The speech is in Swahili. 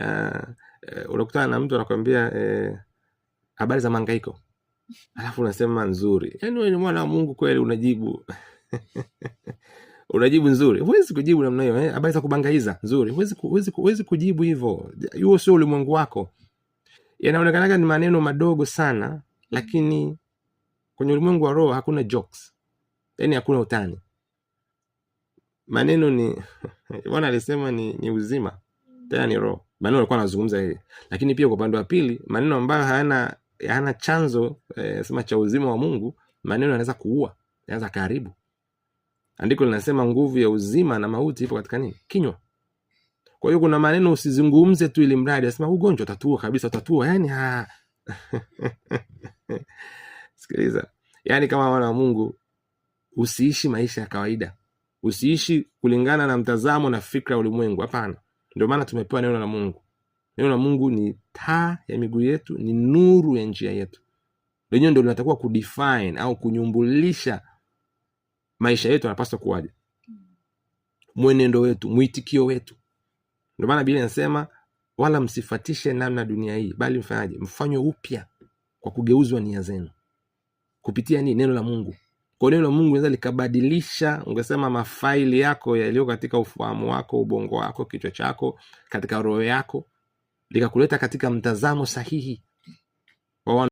uh, unakutana na mtu anakwambia eh, habari uh, za mangaiko alafu unasema nzuri. yani ni mwana wa Mungu kweli, unajibu unajibu nzuri. Huwezi kujibu namna hiyo eh? Habari za kubangaiza nzuri, huwezi kujibu hivo huo sio ulimwengu wako. Yanaonekanaga ni maneno madogo sana, lakini kwenye ulimwengu wa roho hakuna jokes, yani hakuna utani. Maneno ni Bwana alisema ni, ni uzima tena ni roho maneno alikuwa anazungumza yeye, lakini pia kwa upande wa pili maneno ambayo hayana hayana chanzo eh, sema cha uzima wa Mungu, maneno yanaweza kuua, yanaweza kaharibu. Andiko linasema nguvu ya uzima na mauti ipo katika nini? Kinywa. Kwa hiyo kuna maneno usizungumze tu ili mradi, asema ugonjwa utatua kabisa, utatua yani ha. Sikiliza, yani kama wana wa Mungu usiishi maisha ya kawaida, usiishi kulingana na mtazamo na fikra ulimwengu. Hapana, ndio maana tumepewa neno la mungu neno la mungu ni taa ya miguu yetu ni nuru ya njia yetu lenyewe ndio linatakiwa kudefine au kunyumbulisha maisha yetu yanapaswa kuwaja mwenendo wetu mwitikio wetu ndio maana bili anasema wala msifatishe namna dunia hii bali mfanyaje mfanywe upya kwa kugeuzwa nia zenu kupitia nini neno la mungu kwa neno la Mungu naeza likabadilisha, ungesema mafaili yako yaliyo katika ufahamu wako, ubongo wako, kichwa chako, katika roho yako, likakuleta katika mtazamo sahihi